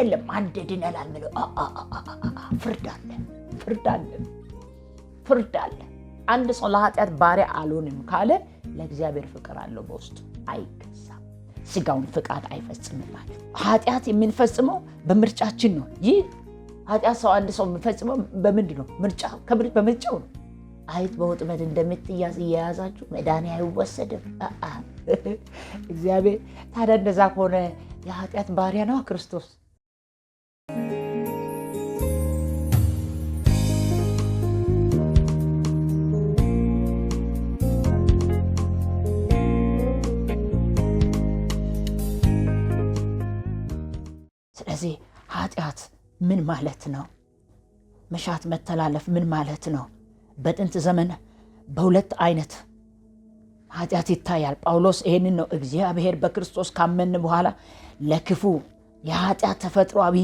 አይደለም አንድ ድነላ ምለው ፍርድ አለ፣ ፍርድ አለ፣ ፍርድ አለ። አንድ ሰው ለኃጢአት ባሪያ አልሆንም ካለ ለእግዚአብሔር ፍቅር አለው በውስጡ አይገዛም። ስጋውን ፍቃድ አይፈጽምላቸው። ኃጢአት የምንፈጽመው በምርጫችን ነው። ይህ ኃጢአት ሰው አንድ ሰው የምንፈጽመው በምንድን ነው? ምርጫ በምርጫው ነው። አይት በወጥመድ እንደምትያዝ እየያዛችሁ መዳን አይወሰድም። እግዚአብሔር ታዲያ እንደዛ ከሆነ የኃጢአት ባሪያ ነዋ ክርስቶስ። ስለዚህ ኃጢአት ምን ማለት ነው? መሻት መተላለፍ ምን ማለት ነው? በጥንት ዘመን በሁለት አይነት ኃጢአት ይታያል። ጳውሎስ ይህንን ነው እግዚአብሔር በክርስቶስ ካመን በኋላ ለክፉ የኃጢአት ተፈጥሯዊ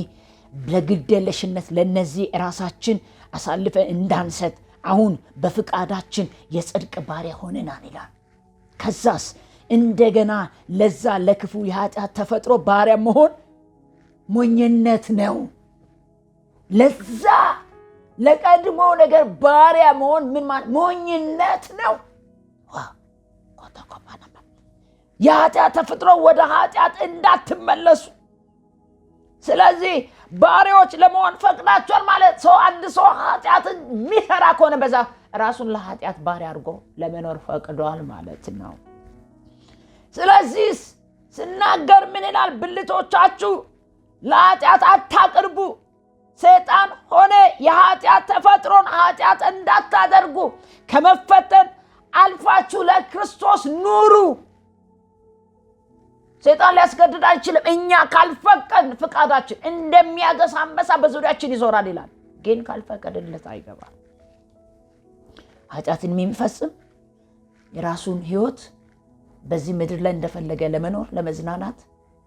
ለግደለሽነት ለነዚህ ራሳችን አሳልፈን እንዳንሰጥ አሁን በፍቃዳችን የጽድቅ ባሪያ ሆነናል ይላል። ከዛስ እንደገና ለዛ ለክፉ የኃጢአት ተፈጥሮ ባሪያ መሆን ሞኝነት ነው። ለዛ ለቀድሞ ነገር ባሪያ መሆን ምን ማለት ሞኝነት ነው። የኃጢአት ተፈጥሮ ወደ ኃጢአት እንዳትመለሱ ስለዚህ ባሪዎች ለመሆን ፈቅዳቸዋል ማለት ሰው አንድ ሰው ኃጢአትን የሚሰራ ከሆነ በዛ ራሱን ለኃጢአት ባሪ አድርጎ ለመኖር ፈቅዷል ማለት ነው። ስለዚህ ስናገር ምን ይላል? ብልቶቻችሁ ለኃጢአት አታቅርቡ፣ ሰይጣን ሆነ የኃጢአት ተፈጥሮን ኃጢአት እንዳታደርጉ ከመፈተን አልፋችሁ ለክርስቶስ ኑሩ። ሰይጣን ሊያስገድድ አይችልም። እኛ ካልፈቀድ ፍቃዳችን እንደሚያገሳ አንበሳ በዙሪያችን ይዞራል ይላል። ግን ካልፈቀድለት አይገባል። ኃጢአትን የሚፈጽም የራሱን ህይወት በዚህ ምድር ላይ እንደፈለገ ለመኖር ለመዝናናት፣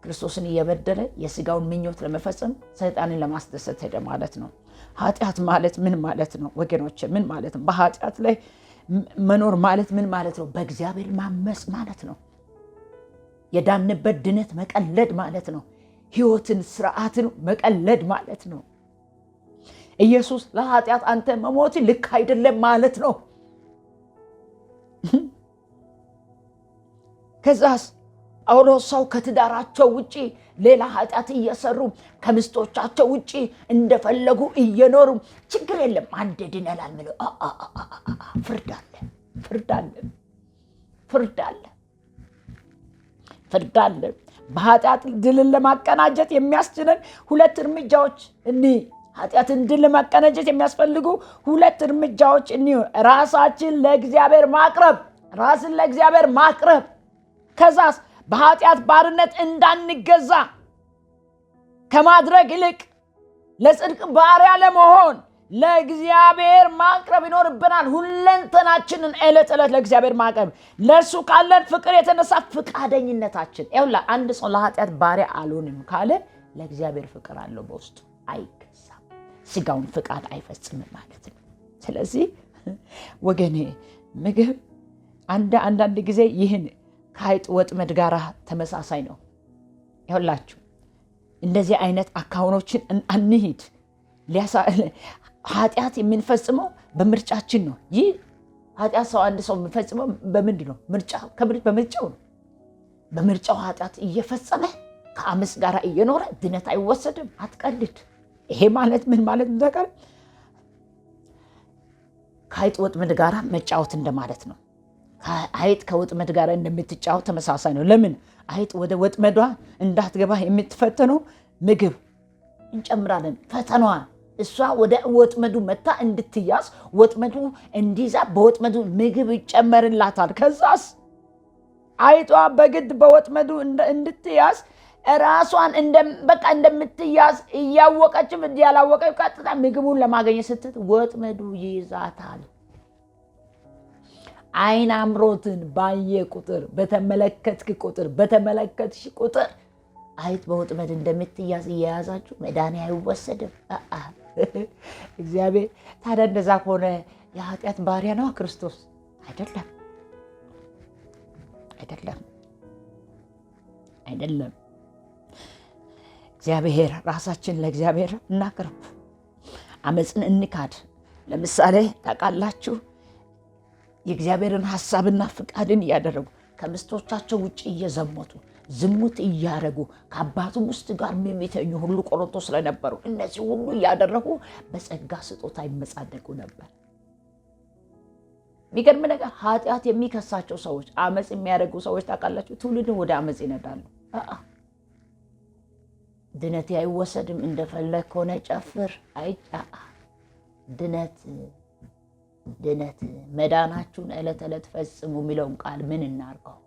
ክርስቶስን እየበደለ የስጋውን ምኞት ለመፈጸም፣ ሰይጣንን ለማስደሰት ሄደ ማለት ነው። ኃጢአት ማለት ምን ማለት ነው ወገኖች? ምን ማለት ነው? በኃጢአት ላይ መኖር ማለት ምን ማለት ነው? በእግዚአብሔር ማመፅ ማለት ነው። የዳንበት ድነት መቀለድ ማለት ነው። ህይወትን ስርዓትን መቀለድ ማለት ነው። ኢየሱስ ለኃጢአት አንተ መሞት ልክ አይደለም ማለት ነው። ከዛስ ጳውሎስ ሰው ከትዳራቸው ውጪ ሌላ ኃጢአት እየሰሩ ከምስቶቻቸው ውጪ እንደፈለጉ እየኖሩ ችግር የለም አንድ ድነላል ምለ ፍርድ አለ፣ ፍርድ አለ፣ ፍርድ አለ። ፍርድ አለ። በኃጢአት ድልን ለማቀናጀት የሚያስችለን ሁለት እርምጃዎች እኒ ኃጢአትን ድል ለማቀናጀት የሚያስፈልጉ ሁለት እርምጃዎች እኒ ራሳችን ለእግዚአብሔር ማቅረብ ራስን ለእግዚአብሔር ማቅረብ ከዛስ በኃጢአት ባርነት እንዳንገዛ ከማድረግ ይልቅ ለጽድቅ ባሪያ ለመሆን ለእግዚአብሔር ማቅረብ ይኖርብናል። ሁለንተናችንን ዕለት ዕለት ለእግዚአብሔር ማቅረብ ለእርሱ ካለን ፍቅር የተነሳ ፍቃደኝነታችን ይሁላ። አንድ ሰው ለኃጢአት ባሪያ አልሆንም ካለ ለእግዚአብሔር ፍቅር አለው በውስጡ አይገዛም፣ ስጋውን ፍቃድ አይፈጽምም ማለት ነው። ስለዚህ ወገኔ ምግብ አንዳንድ ጊዜ ይህን ከአይጥ ወጥመድ ጋር ተመሳሳይ ነው። ይሁላችሁ እንደዚህ አይነት አካውኖችን አንሂድ ኃጢአት የምንፈጽመው በምርጫችን ነው። ይህ ኃጢአት ሰው አንድ ሰው የምንፈጽመው በምንድን ነው? በምርጫው ነው። በምርጫው ኃጢአት እየፈጸመ ከአመፅ ጋር እየኖረ ድነት አይወሰድም። አትቀልድ። ይሄ ማለት ምን ማለት ነገር ከአይጥ ወጥመድ ጋር መጫወት እንደማለት ነው። አይጥ ከወጥመድ ጋር እንደምትጫወት ተመሳሳይ ነው። ለምን አይጥ ወደ ወጥመዷ እንዳትገባ የምትፈተነው ምግብ እንጨምራለን ፈተናዋን እሷ ወደ ወጥመዱ መታ እንድትያዝ ወጥመዱ እንዲዛ በወጥመዱ ምግብ ይጨመርላታል። ከዛስ አይጧ በግድ በወጥመዱ እንድትያዝ ራሷን በቃ እንደምትያዝ እያወቀችም ያላወቀች ቀጥታ ምግቡን ለማገኘት ወጥ ወጥመዱ ይይዛታል። አይን አምሮትን ባየ ቁጥር በተመለከትክ ቁጥር በተመለከትሽ ቁጥር አይጥ በወጥመድ እንደምትያዝ እየያዛችሁ መዳን አይወሰድም። እግዚአብሔር ታዲያ እንደዛ ከሆነ የኃጢአት ባሪያ ነዋ ክርስቶስ? አይደለም፣ አይደለም፣ አይደለም። እግዚአብሔር ራሳችን ለእግዚአብሔር እናቅርብ፣ አመፅን እንካድ። ለምሳሌ ታውቃላችሁ፣ የእግዚአብሔርን ሀሳብና ፍቃድን እያደረጉ ከምስቶቻቸው ውጭ እየዘሞቱ ዝሙት እያደረጉ ከአባቱም ውስጥ ጋር የሚተኙ ሁሉ ቆሮንቶስ ላይ ነበሩ። እነዚህ ሁሉ እያደረጉ በጸጋ ስጦታ ይመጻደቁ ነበር። የሚገርም ነገር ኃጢአት የሚከሳቸው ሰዎች፣ አመፅ የሚያደርጉ ሰዎች ታውቃላችሁ፣ ትውልድን ወደ አመፅ ይነዳሉ። ድነት አይወሰድም፣ እንደፈለግ ከሆነ ጨፍር። አይ ድነት ድነት መዳናችሁን ዕለት ዕለት ፈጽሙ የሚለውን ቃል ምን እናርገው?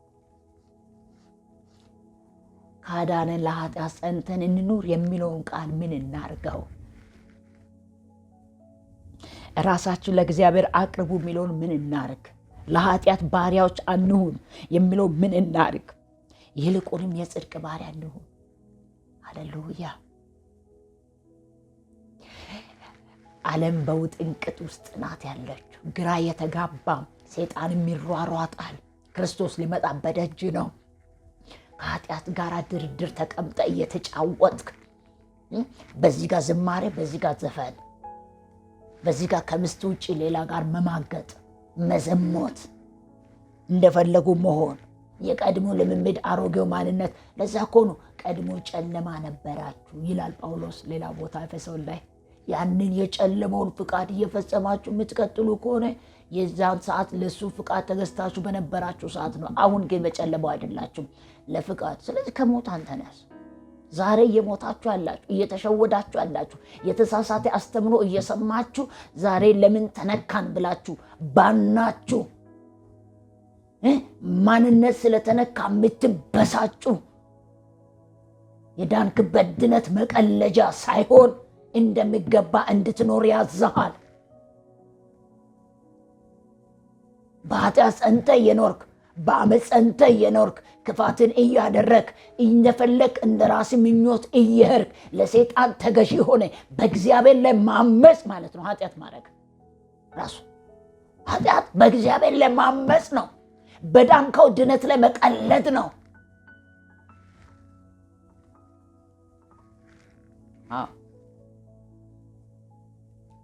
ካዳነን ለኃጢአት ጸንተን እንኑር የሚለውን ቃል ምን እናርገው? ራሳችን ለእግዚአብሔር አቅርቡ የሚለውን ምን እናርግ? ለኃጢአት ባሪያዎች አንሁን የሚለው ምን እናርግ? ይልቁንም የጽድቅ ባሪያ እንሁን። አለሉያ። ዓለም በውጥንቅጥ ውስጥ ናት ያለችው፣ ግራ የተጋባም ሴጣንም ይሯሯጣል። ክርስቶስ ሊመጣ በደጅ ነው። ከኃጢአት ጋር ድርድር ተቀምጠ እየተጫወጥክ በዚህ ጋር ዝማሬ፣ በዚህ ጋር ዘፈን፣ በዚህ ጋር ከምስት ውጭ ሌላ ጋር መማገጥ፣ መዘሞት፣ እንደፈለጉ መሆን የቀድሞ ልምምድ አሮጌው ማንነት። ለዛ እኮ ነው ቀድሞ ጨለማ ነበራችሁ ይላል ጳውሎስ ሌላ ቦታ ኤፌሶን ላይ ያንን የጨለመውን ፍቃድ እየፈጸማችሁ የምትቀጥሉ ከሆነ የዛን ሰዓት ለሱ ፍቃድ ተገዝታችሁ በነበራችሁ ሰዓት ነው። አሁን ግን በጨለመው አይደላችሁም ለፍቃድ። ስለዚህ ከሞት አንተነስ ዛሬ እየሞታችሁ ያላችሁ እየተሸወዳችሁ ያላችሁ የተሳሳተ አስተምሮ እየሰማችሁ ዛሬ ለምን ተነካን ብላችሁ ባናችሁ ማንነት ስለተነካ የምትበሳጩ የዳንክበት ድነት መቀለጃ ሳይሆን እንደሚገባ እንድትኖር ያዘሃል። በኃጢአት ጸንተ እየኖርክ በአመፅ ጸንተ እየኖርክ ክፋትን እያደረክ እንደፈለክ እንደ ራስ ምኞት እየሄድክ ለሴጣን ተገዢ ሆነ በእግዚአብሔር ላይ ማመፅ ማለት ነው። ኃጢአት ማድረግ ራሱ ኃጢአት በእግዚአብሔር ላይ ማመፅ ነው። በዳንከው ድነት ላይ መቀለድ ነው። አዎ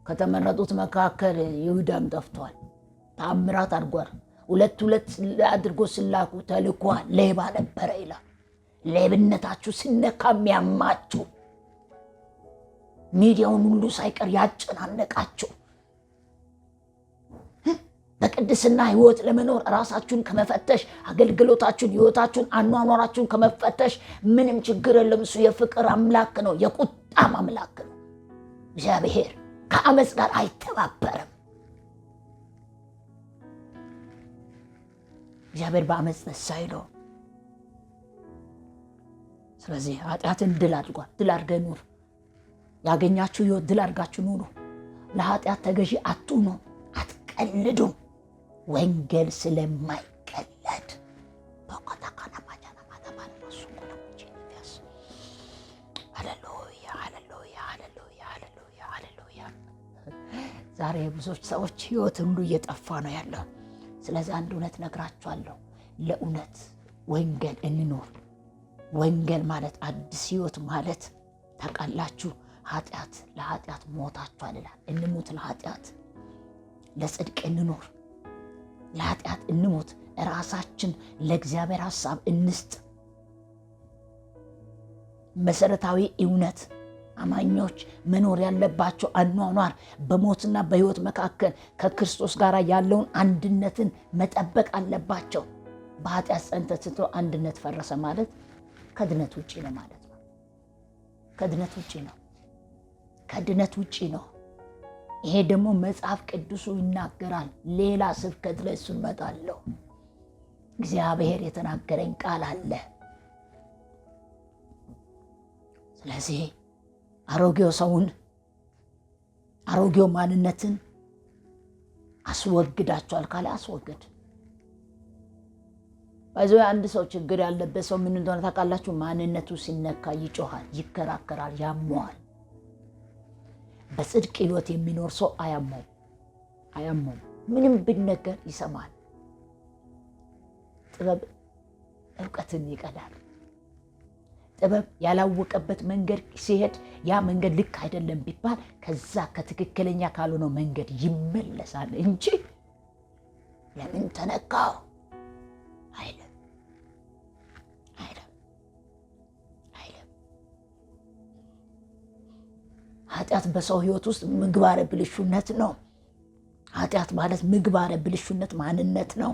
ከተመረጡት መካከል ይሁዳም ጠፍቷል። ተአምራት አድርጓል። ሁለት ሁለት አድርጎ ስላኩ ተልኳ ሌባ ነበረ ይላል። ሌብነታችሁ ስነካ የሚያማችሁ ሚዲያውን ሁሉ ሳይቀር ያጨናነቃችሁ በቅድስና ህይወት ለመኖር ራሳችሁን ከመፈተሽ አገልግሎታችሁን፣ ህይወታችሁን አኗኗራችሁን ከመፈተሽ ምንም ችግር የለም። እሱ የፍቅር አምላክ ነው፣ የቁጣም አምላክ ነው እግዚአብሔር ከአመፅ ጋር አይተባበርም። እግዚአብሔር በአመፅ ነሳ አይለው። ስለዚህ ኃጢአትን ድል አድርጓል። ድል አድርገ ኑር። ያገኛችሁ ህይወት ድል አድርጋችሁ ኑሩ። ለኃጢአት ተገዢ አትሁኑ፣ አትቀልዱ። ወንጌል ስለማይቀለድ በቆጠቀና ዛሬ ብዙዎች ሰዎች ህይወት ሁሉ እየጠፋ ነው ያለው። ስለዚህ አንድ እውነት ነግራችኋለሁ። ለእውነት ወንጌል እንኖር። ወንጌል ማለት አዲስ ህይወት ማለት ታውቃላችሁ። ኃጢአት ለኃጢአት ሞታችኋል ይላል። እንሙት ለኃጢአት፣ ለጽድቅ እንኖር። ለኃጢአት እንሞት፣ ራሳችን ለእግዚአብሔር ሀሳብ እንስጥ። መሰረታዊ እውነት አማኞች መኖር ያለባቸው አኗኗር በሞትና በሕይወት መካከል ከክርስቶስ ጋር ያለውን አንድነትን መጠበቅ አለባቸው። በኃጢአት ጸንተት ስቶ አንድነት ፈረሰ ማለት ከድነት ውጭ ነው ማለት ነው። ከድነት ውጭ ነው። ከድነት ውጭ ነው። ይሄ ደግሞ መጽሐፍ ቅዱሱ ይናገራል። ሌላ ስብከት ላይ እሱን እመጣለሁ። እግዚአብሔር የተናገረኝ ቃል አለ። ስለዚህ አሮጌው ሰውን አሮጌው ማንነትን አስወግዳቸዋል ካለ አስወግድ። በዚ አንድ ሰው ችግር ያለበት ሰው ምን እንደሆነ ታውቃላችሁ? ማንነቱ ሲነካ ይጮሃል፣ ይከራከራል፣ ያመዋል። በጽድቅ ህይወት የሚኖር ሰው አያመው አያመውም። ምንም ብነገር ይሰማል። ጥበብ እውቀትን ይቀዳል። ጥበብ ያላወቀበት መንገድ ሲሄድ ያ መንገድ ልክ አይደለም ቢባል ከዛ ከትክክለኛ ካልሆነው መንገድ ይመለሳል እንጂ ለምን ተነካው አይለም አይለም አይለም። ኃጢአት በሰው ህይወት ውስጥ ምግባረ ብልሹነት ነው። ኃጢአት ማለት ምግባረ ብልሹነት ማንነት ነው።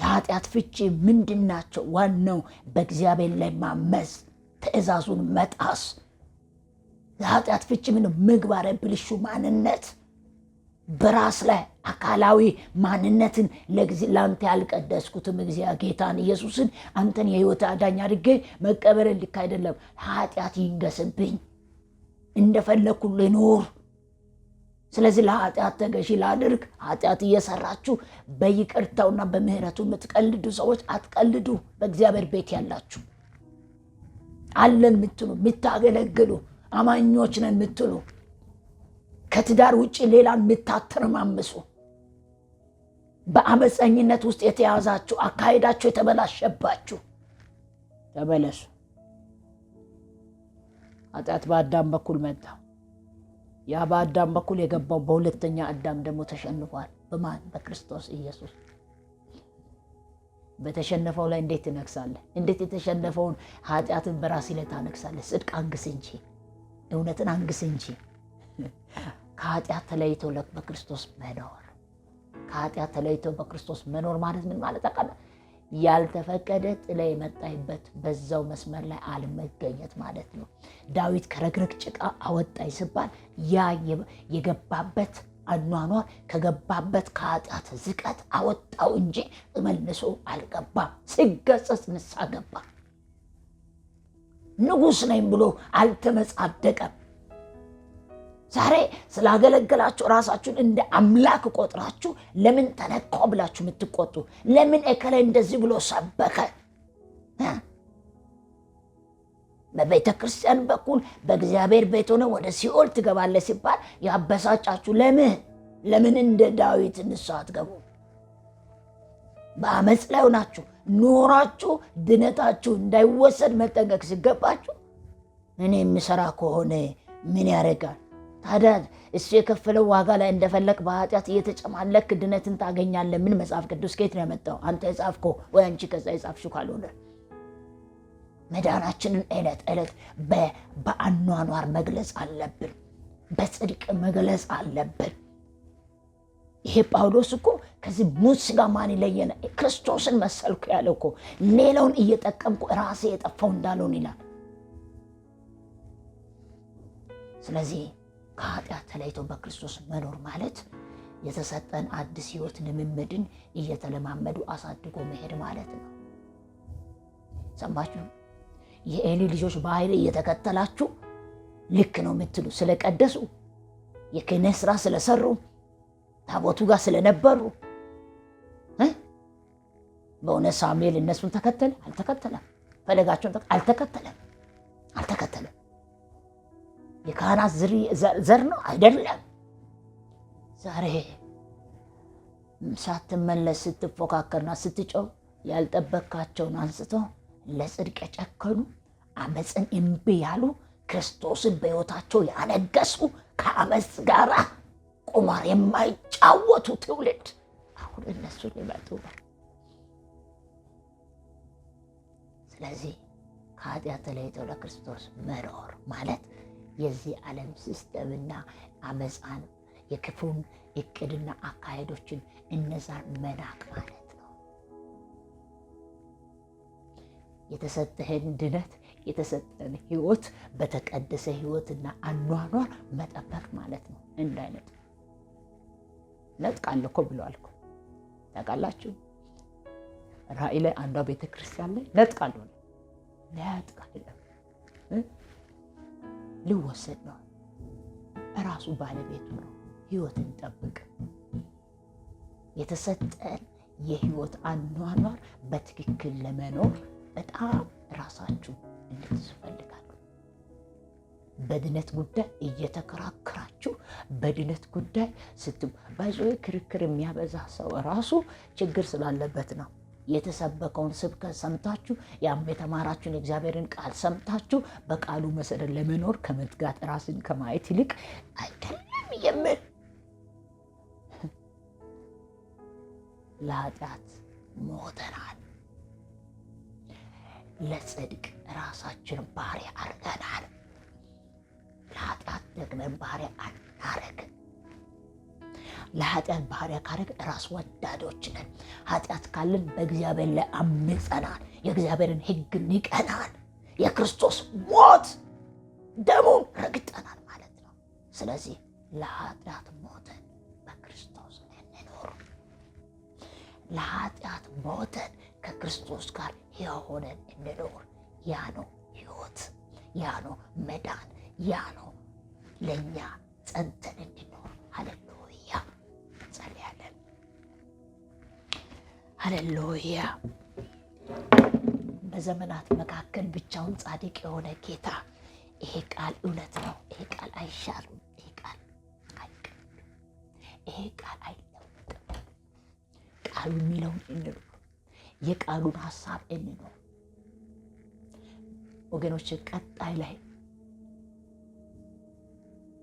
የኃጢአት ፍቺ ምንድን ናቸው? ዋናው በእግዚአብሔር ላይ ማመፅ፣ ትእዛዙን መጣስ። የኃጢአት ፍቺ ምን? ምግባረ ብልሹ ማንነት፣ በራስ ላይ አካላዊ ማንነትን ለአንተ ያልቀደስኩትም እግዚአ ጌታን ኢየሱስን አንተን የህይወት አዳኝ አድርጌ መቀበርን ልክ አይደለም። ኃጢአት ይንገስብኝ፣ እንደፈለግኩ ልኖር ስለዚህ ለኃጢአት ተገዢ ላድርግ። ኃጢአት እየሰራችሁ በይቅርታውና በምህረቱ የምትቀልዱ ሰዎች አትቀልዱ። በእግዚአብሔር ቤት ያላችሁ አለን የምትሉ የምታገለግሉ አማኞች ነን የምትሉ ከትዳር ውጭ ሌላን የምታተረማምሱ በአመፀኝነት ውስጥ የተያዛችሁ አካሄዳችሁ የተበላሸባችሁ ተመለሱ። ኃጢአት በአዳም በኩል መጣ። ያ በአዳም በኩል የገባው በሁለተኛ አዳም ደግሞ ተሸንፏል። በማን በክርስቶስ ኢየሱስ። በተሸነፈው ላይ እንዴት ትነግሳለህ? እንዴት የተሸነፈውን ኃጢአትን በራሲ ላይ ታነግሳለህ? ጽድቅ አንግስ እንጂ እውነትን አንግስ እንጂ ከኃጢአት ተለይቶ በክርስቶስ መኖር ከኃጢአት ተለይቶ በክርስቶስ መኖር ማለት ምን ማለት አውቃለህ? ያልተፈቀደ ጥላ የመጣይበት በዛው መስመር ላይ አልመገኘት ማለት ነው። ዳዊት ከረግረግ ጭቃ አወጣኝ ስባል ያ የገባበት አኗኗር ከገባበት ከኃጢአት ዝቀት አወጣው እንጂ መልሶ አልገባም። ሲገሰጽ ንሳ ገባ። ንጉሥ ነኝ ብሎ አልተመጻደቀም። ዛሬ ስላገለገላችሁ ራሳችሁን እንደ አምላክ ቆጥራችሁ ለምን ተነካው ብላችሁ የምትቆጡ ለምን እከላይ እንደዚህ ብሎ ሰበከ? በቤተ ክርስቲያን በኩል በእግዚአብሔር ቤት ሆነ ወደ ሲኦል ትገባለህ ሲባል ያበሳጫችሁ ለምን ለምን እንደ ዳዊት ንስሐ አትገቡ? በአመፅ ላይ ሆናችሁ ኖራችሁ ድነታችሁ እንዳይወሰድ መጠንቀቅ ሲገባችሁ እኔ የምሰራ ከሆነ ምን ያደርጋል? ታዲያ እሱ የከፈለው ዋጋ ላይ እንደፈለግ በኃጢአት እየተጨማለክ ድነትን ታገኛለህ። ምን መጽሐፍ ቅዱስ ከየት ነው ያመጣው? አንተ የጻፍከው ወይ አንቺ ከዛ የጻፍሽው ካልሆነ መዳናችንን ዕለት ዕለት በአኗኗር መግለጽ አለብን፣ በጽድቅ መግለጽ አለብን። ይሄ ጳውሎስ እኮ ከዚህ ሙት ሥጋ ማን ይለየነ ክርስቶስን መሰልኩ ያለው እኮ ሌላውን እየጠቀምኩ ራሴ የጠፋው እንዳልሆን ይላል። ስለዚህ ከኃጢአት ተለይቶ በክርስቶስ መኖር ማለት የተሰጠን አዲስ ህይወት ልምምድን እየተለማመዱ አሳድጎ መሄድ ማለት ነው። ሰማችሁ? የኤሊ ልጆች በኃይል እየተከተላችሁ ልክ ነው የምትሉ ስለቀደሱ፣ የክህነት ስራ ስለሰሩ፣ ታቦቱ ጋር ስለነበሩ በእውነት ሳሙኤል እነሱን ተከተለ? አልተከተለም። ፈለጋቸውን አልተከተለም። አልተከተለም። የካህናት ዘር ነው አይደለም። ዛሬ ሳትመለስ ስትፎካከርና ስትጮው ያልጠበካቸውን አንስቶ ለጽድቅ የጨከኑ አመፅን እምቢ ያሉ ክርስቶስን በሕይወታቸው ያነገሱ ከአመፅ ጋር ቁማር የማይጫወቱ ትውልድ አሁን እነሱ ሊመጡ ነው። ስለዚህ ከኃጢአት ተለይተው ለክርስቶስ መኖር ማለት የዚህ ዓለም ሲስተምና አመፃን የክፉን እቅድና አካሄዶችን እነዛን መናቅ ማለት ነው። የተሰጠህን ድነት የተሰጠን ህይወት በተቀደሰ ህይወትና አኗኗር መጠበቅ ማለት ነው። እንዳይነጥ ነጥቃለሁ እኮ ብለዋል እኮ ታውቃላችሁ። ራእይ ላይ አንዷ ቤተክርስቲያን ላይ ነጥቃለሁ ነጥቃለሁ ሊወሰድ ነው። እራሱ ባለቤቱ ነው። ህይወትን ጠብቅ። የተሰጠን የህይወት አኗኗር በትክክል ለመኖር በጣም ራሳችሁ እንድትፈልጋሉ። በድነት ጉዳይ እየተከራከራችሁ በድነት ጉዳይ ስት ክርክር የሚያበዛ ሰው ራሱ ችግር ስላለበት ነው። የተሰበከውን ስብከት ሰምታችሁ ያም የተማራችሁን የእግዚአብሔርን ቃል ሰምታችሁ በቃሉ መሰረት ለመኖር ከመትጋት ራስን ከማየት ይልቅ አይደለም የምል ለኃጢአት ሞተናል፣ ለጽድቅ ራሳችን ባሪያ አርገናል፣ ለኃጢአት ደግመን ባሪያ አናረግም። ለኃጢአት ባህሪያ ካረግ ራስ ወዳዶች ነን። ኃጢአት ካለን በእግዚአብሔር ላይ አምፀናል። የእግዚአብሔርን ሕግ ንቀናል። የክርስቶስ ሞት ደሙን ረግጠናል ማለት ነው። ስለዚህ ለኃጢአት ሞተን በክርስቶስ እንኖር። ለኃጢአት ሞተን ከክርስቶስ ጋር የሆነን እንኖር። ያ ነው ሕይወት፣ ያ ነው መዳን፣ ያ ነው ለእኛ ጸንተን እንኖር አለ። ሀሌሉያ በዘመናት መካከል ብቻውን ጻድቅ የሆነ ጌታ። ይሄ ቃል እውነት ነው። ይሄ ቃል አይሻርም። ይሄ ቃል አይቀርም። ይሄ ቃል አይለወጥም። ቃሉ የሚለውን እንኑ፣ የቃሉን ሀሳብ እንኑ ወገኖች። ቀጣይ ላይ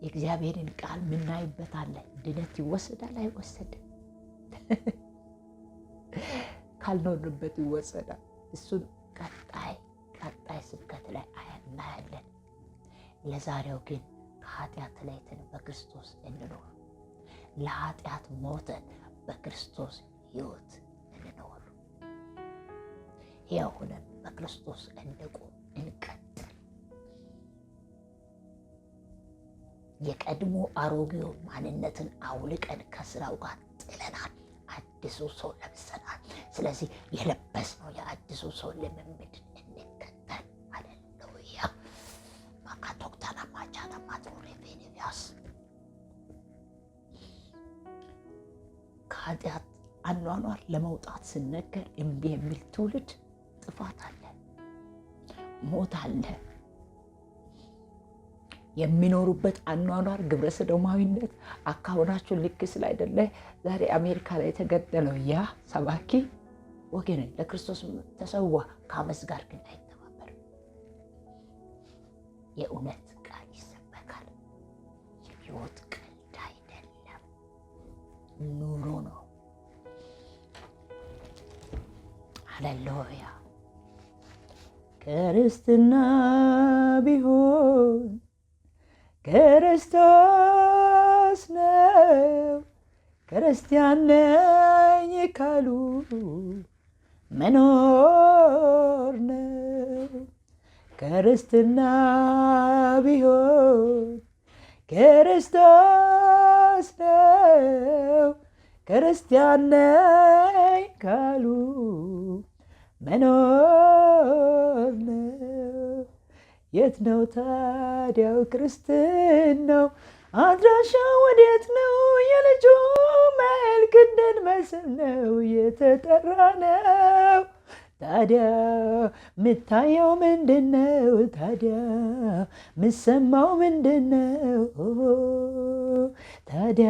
የእግዚአብሔርን ቃል ምናይበታለን። ድነት ይወሰዳል አይወሰድም? ካልኖርንበት ይወሰዳል። እሱን ቀጣይ ቀጣይ ስብከት ላይ እናያለን። ለዛሬው ግን ከኃጢአት ተለይተን በክርስቶስ እንኖር፣ ለኃጢአት ሞተን በክርስቶስ ሕይወት እንኖር። ሕያው ሆነን በክርስቶስ እንቁም፣ እንቀጥል። የቀድሞ አሮጌው ማንነትን አውልቀን ከስራው ጋር ጥለናል። አዲሱ ሰው ለምሳሌ ስለዚህ የለበስነው የአዲሱ ሰው ልምምድ እንከተል። አሌሉያ ማቃቶክተና ማቻና ከኃጢአት አኗኗር ለመውጣት ስነገር እምቢ የሚል ትውልድ ጥፋት አለ፣ ሞት አለ። የሚኖሩበት አኗኗር ግብረ ሰዶማዊነት አካባቢያቸው ልክ ስላይደለ ዛሬ አሜሪካ ላይ የተገደለው ያ ሰባኪ ወገንን ለክርስቶስ ተሰዋ ከአመፅ ጋር ግን አይተባበርም። የእውነት ቃል ይሰበካል። የህይወት ቀልድ አይደለም፣ ኑሮ ነው። ሃሌሉያ ክርስትና ቢሆን ክርስቶስ ነው ክርስቲያን ነኝ ካሉ መኖር ነው ክርስትና ቢሆን ክርስቶስ ነው። ክርስቲያን ነኝ ካሉ መኖር ነው። የት ነው ታዲያው ክርስትናው? አድራሻ ወዴት ነው? የልጁ መልክ መስል ነው የተጠራ ነው። ታዲያ ምታየው ምንድን ነው? ታዲያ ምሰማው ምንድን ነው? ታዲያ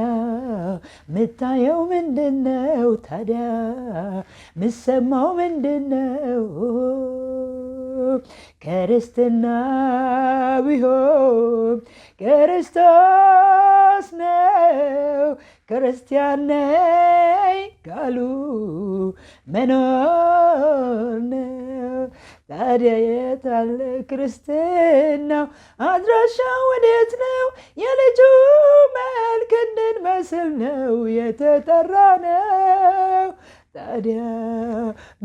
ምታየው ምንድን ነው? ታዲያ ምሰማው ምንድን ነው? ክርስትና ቢሆን ክርስቶስ ነው ክርስቲያን ነኝ ካሉ መኖር ነው። ታዲያ የት አለ ክርስትናው? አድራሻው ወዴት ነው? የልጁ መልክ እንድንመስል ነው የተጠራ ነው ታዲያ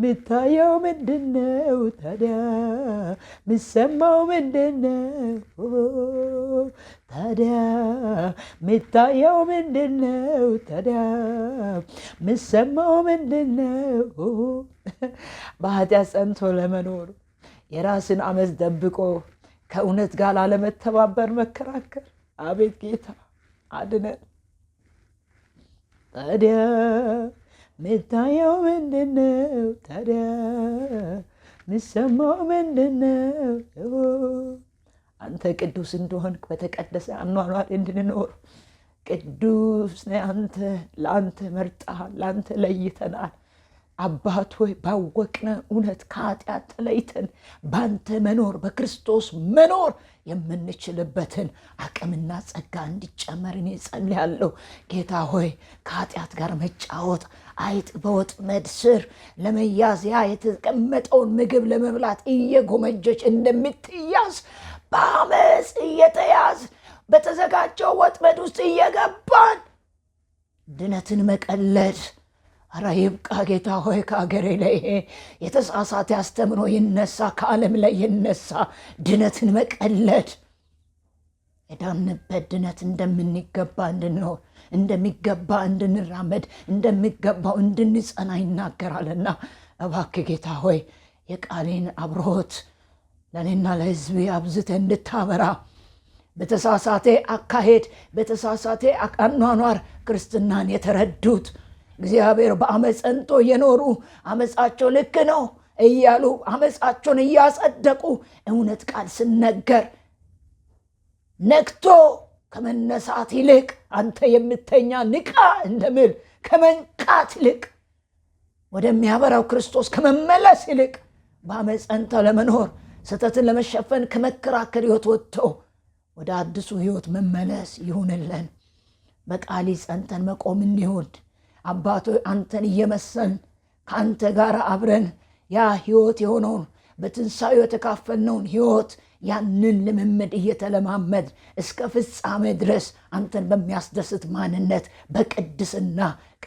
ምታየው ምንድነው? ታዲያ ምሰማው ምንድነው? ታዲያ ምታየው ምንድነው? ታዲያ ምሰማው ምንድነው? በኃጢአት ጸንቶ ለመኖር የራስን አመፅ ደብቆ ከእውነት ጋር ላለመተባበር መከራከር። አቤት ጌታ አድነን። ታዲያ ምታየው ምንድነው ታዲያ ምሰማው ምንድነው? አንተ ቅዱስ እንደሆንክ በተቀደሰ አኗኗር እንድንኖር ቅዱስ አንተ ለአንተ መርጠሃል፣ ለአንተ ለይተናል። አባት ሆይ ባወቅነ እውነት ከኃጢአት ተለይተን ባንተ መኖር በክርስቶስ መኖር የምንችልበትን አቅምና ጸጋ እንዲጨመር እኔ ጸልያለሁ። ጌታ ሆይ ከኃጢአት ጋር መጫወት አይጥ በወጥመድ ስር ለመያዝያ የተቀመጠውን ምግብ ለመብላት እየጎመጀች እንደምትያዝ በአመፅ እየተያዝ በተዘጋጀው ወጥመድ ውስጥ እየገባን ድነትን መቀለድ አረ ይብቃ ጌታ ሆይ ከአገሬ ላይ የተሳሳተ አስተምሮ ይነሳ፣ ከዓለም ላይ ይነሳ። ድነትን መቀለድ የዳንበት ድነት እንደምንገባ እንድንኖር እንደሚገባ እንድንራመድ እንደሚገባው እንድንጸና ይናገራልና እባክህ ጌታ ሆይ የቃሌን አብሮት ለእኔና ለሕዝቤ አብዝተ እንድታበራ በተሳሳቴ አካሄድ በተሳሳቴ አኗኗር ክርስትናን የተረዱት እግዚአብሔር በአመፅ ጸንቶ የኖሩ አመፃቸው ልክ ነው እያሉ አመፃቸውን እያጸደቁ እውነት ቃል ስነገር ነግቶ ከመነሳት ይልቅ አንተ የምተኛ ንቃ እንደምል ከመንቃት ይልቅ ወደሚያበራው ክርስቶስ ከመመለስ ይልቅ በአመፀንተ ለመኖር ስህተትን ለመሸፈን ከመከራከር ህይወት ወጥቶ ወደ አዲሱ ህይወት መመለስ ይሁንልን። በቃሊ ጸንተን መቆም እንዲሆን አባቶ አንተን እየመሰን ከአንተ ጋር አብረን ያ ህይወት የሆነውን በትንሣኤው የተካፈልነውን ህይወት ያንን ልምምድ እየተለማመድ እስከ ፍጻሜ ድረስ አንተን በሚያስደስት ማንነት በቅድስና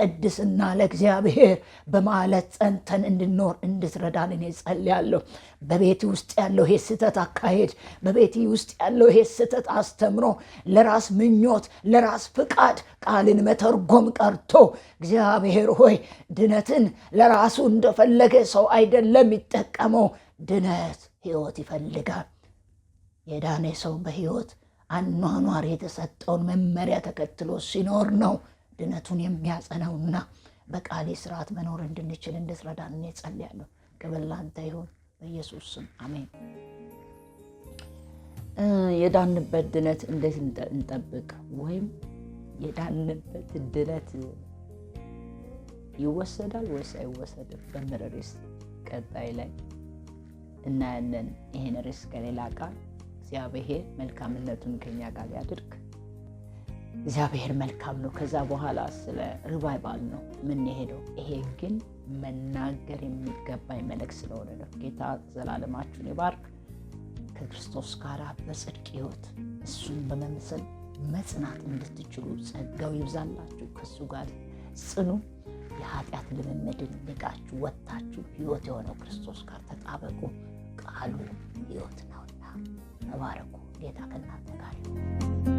ቅድስና ለእግዚአብሔር በማለት ጸንተን እንድኖር እንድትረዳን እኔ ጸልያለሁ። በቤት ውስጥ ያለው ይሄ ስህተት አካሄድ፣ በቤት ውስጥ ያለው ይሄ ስህተት አስተምሮ፣ ለራስ ምኞት፣ ለራስ ፍቃድ ቃልን መተርጎም ቀርቶ እግዚአብሔር ሆይ ድነትን ለራሱ እንደፈለገ ሰው አይደለም የሚጠቀመው። ድነት ህይወት ይፈልጋል። የዳነ ሰው በህይወት አኗኗር የተሰጠውን መመሪያ ተከትሎ ሲኖር ነው። ድነቱን የሚያጸናውና በቃሌ ስርዓት መኖር እንድንችል እንድትረዳን እኔ ጸልያለሁ። ክብር ላንተ ይሁን በኢየሱስ ስም አሜን። የዳንበት ድነት እንዴት እንጠብቅ? ወይም የዳንበት ድነት ይወሰዳል ወይስ አይወሰድም? በምር ርዕስ ቀጣይ ላይ እናያለን። ይህን ርዕስ ከሌላ ቃል እግዚአብሔር መልካምነቱን ከኛ ጋር ያድርግ። እግዚአብሔር መልካም ነው። ከዛ በኋላ ስለ ሪቫይቫል ነው የምንሄደው። ይሄ ግን መናገር የሚገባኝ መልእክት ስለሆነ ነው። ጌታ ዘላለማችሁን ይባርክ። ከክርስቶስ ጋር በጽድቅ ሕይወት እሱን በመምሰል መጽናት እንድትችሉ ጸጋው ይብዛላችሁ። ከእሱ ጋር ጽኑ። የኃጢአት ልምምድን ንቃችሁ ወጥታችሁ ሕይወት የሆነው ክርስቶስ ጋር ተጣበቁ። ቃሉ ሕይወት ነውና ተባረኩ። ጌታ ከእናንተ ጋር